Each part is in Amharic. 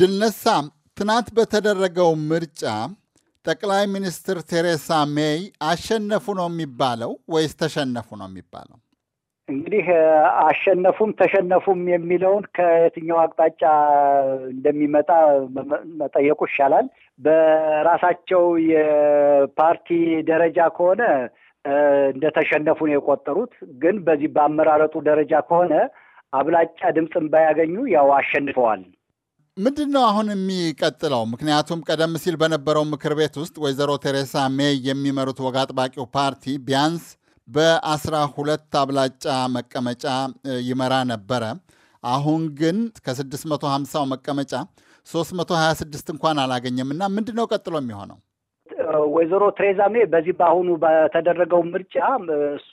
ድልነሳ ትናንት በተደረገው ምርጫ ጠቅላይ ሚኒስትር ቴሬሳ ሜይ አሸነፉ ነው የሚባለው ወይስ ተሸነፉ ነው የሚባለው? እንግዲህ አሸነፉም ተሸነፉም የሚለውን ከየትኛው አቅጣጫ እንደሚመጣ መጠየቁ ይሻላል። በራሳቸው የፓርቲ ደረጃ ከሆነ እንደተሸነፉ ነው የቆጠሩት። ግን በዚህ በአመራረጡ ደረጃ ከሆነ አብላጫ ድምፅን ባያገኙ ያው አሸንፈዋል። ምንድን ነው አሁን የሚቀጥለው? ምክንያቱም ቀደም ሲል በነበረው ምክር ቤት ውስጥ ወይዘሮ ቴሬሳ ሜይ የሚመሩት ወግ አጥባቂው ፓርቲ ቢያንስ በአስራ ሁለት አብላጫ መቀመጫ ይመራ ነበረ። አሁን ግን ከ650 መቀመጫ 326 እንኳን አላገኘም እና ምንድን ነው ቀጥሎ የሚሆነው? ወይዘሮ ቴሬዛ ሜ በዚህ በአሁኑ በተደረገው ምርጫ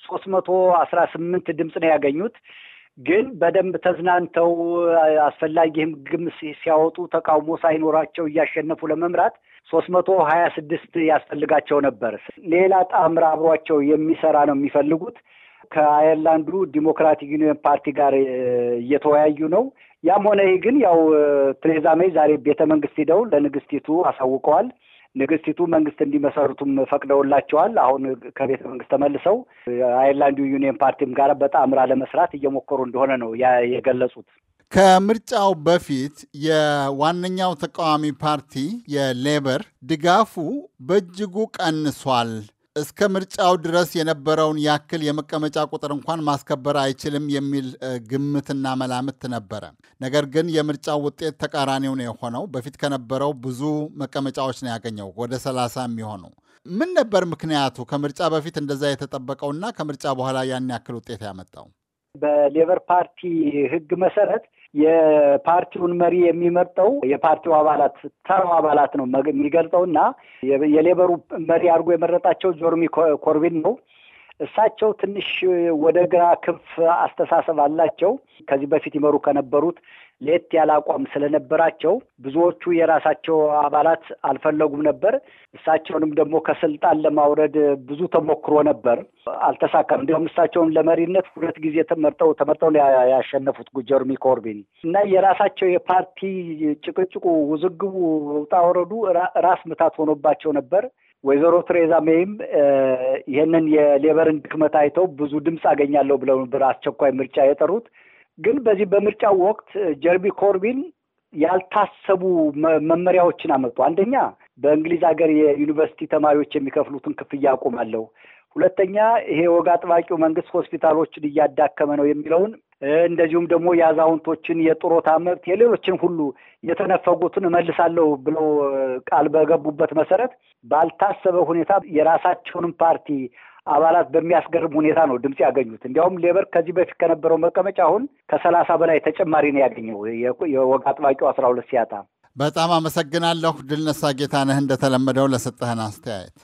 ሶስት መቶ አስራ ስምንት ድምፅ ነው ያገኙት። ግን በደንብ ተዝናንተው አስፈላጊ ሕግም ሲያወጡ ተቃውሞ ሳይኖራቸው እያሸነፉ ለመምራት ሶስት መቶ ሀያ ስድስት ያስፈልጋቸው ነበር። ሌላ ጣምራ አብሯቸው የሚሰራ ነው የሚፈልጉት። ከአየርላንዱ ዲሞክራቲክ ዩኒየን ፓርቲ ጋር እየተወያዩ ነው። ያም ሆነ ይህ ግን ያው ቴሬዛ ሜይ ዛሬ ቤተ መንግስት ሂደው ለንግስቲቱ አሳውቀዋል። ንግስቲቱ መንግስት እንዲመሰርቱም ፈቅደውላቸዋል። አሁን ከቤተ መንግስት ተመልሰው አይርላንዱ ዩኒየን ፓርቲም ጋር በጣምራ ለመስራት እየሞከሩ እንደሆነ ነው የገለጹት። ከምርጫው በፊት የዋነኛው ተቃዋሚ ፓርቲ የሌበር ድጋፉ በእጅጉ ቀንሷል እስከ ምርጫው ድረስ የነበረውን ያክል የመቀመጫ ቁጥር እንኳን ማስከበር አይችልም የሚል ግምትና መላምት ነበረ። ነገር ግን የምርጫው ውጤት ተቃራኒው ነው የሆነው። በፊት ከነበረው ብዙ መቀመጫዎች ነው ያገኘው፣ ወደ 30 የሚሆኑ። ምን ነበር ምክንያቱ? ከምርጫ በፊት እንደዛ የተጠበቀውና ከምርጫ በኋላ ያን ያክል ውጤት ያመጣው? በሌበር ፓርቲ ህግ መሰረት የፓርቲውን መሪ የሚመርጠው የፓርቲው አባላት ተራው አባላት ነው የሚገልጠው እና የሌበሩ መሪ አድርጎ የመረጣቸው ጆርሚ ኮርቢን ነው። እሳቸው ትንሽ ወደ ግራ ክንፍ አስተሳሰብ አላቸው። ከዚህ በፊት ይመሩ ከነበሩት ለየት ያለ አቋም ስለነበራቸው ብዙዎቹ የራሳቸው አባላት አልፈለጉም ነበር። እሳቸውንም ደግሞ ከስልጣን ለማውረድ ብዙ ተሞክሮ ነበር፣ አልተሳካም። እንዲሁም እሳቸውን ለመሪነት ሁለት ጊዜ ተመርጠው ተመርጠው ያሸነፉት ጀርሚ ኮርቢን እና የራሳቸው የፓርቲ ጭቅጭቁ፣ ውዝግቡ፣ ውጣ ወረዱ ራስ ምታት ሆኖባቸው ነበር። ወይዘሮ ቴሬዛ ሜይም ይህንን የሌበርን ድክመት አይተው ብዙ ድምፅ አገኛለሁ ብለው ነበር አስቸኳይ ምርጫ የጠሩት። ግን በዚህ በምርጫው ወቅት ጀርቢ ኮርቢን ያልታሰቡ መመሪያዎችን አመጡ። አንደኛ በእንግሊዝ ሀገር የዩኒቨርሲቲ ተማሪዎች የሚከፍሉትን ክፍያ አቁማለሁ። ሁለተኛ ይሄ ወግ አጥባቂው መንግስት ሆስፒታሎችን እያዳከመ ነው የሚለውን እንደዚሁም ደግሞ የአዛውንቶችን የጡረታ መብት የሌሎችን ሁሉ የተነፈጉትን እመልሳለሁ ብለው ቃል በገቡበት መሰረት ባልታሰበ ሁኔታ የራሳቸውንም ፓርቲ አባላት በሚያስገርም ሁኔታ ነው ድምፅ ያገኙት። እንዲያውም ሌበር ከዚህ በፊት ከነበረው መቀመጫ አሁን ከሰላሳ በላይ ተጨማሪ ነው ያገኘው የወግ አጥባቂው አስራ ሁለት ሲያጣ። በጣም አመሰግናለሁ ድልነሳ ጌታነህ እንደተለመደው ለሰጠህን አስተያየት።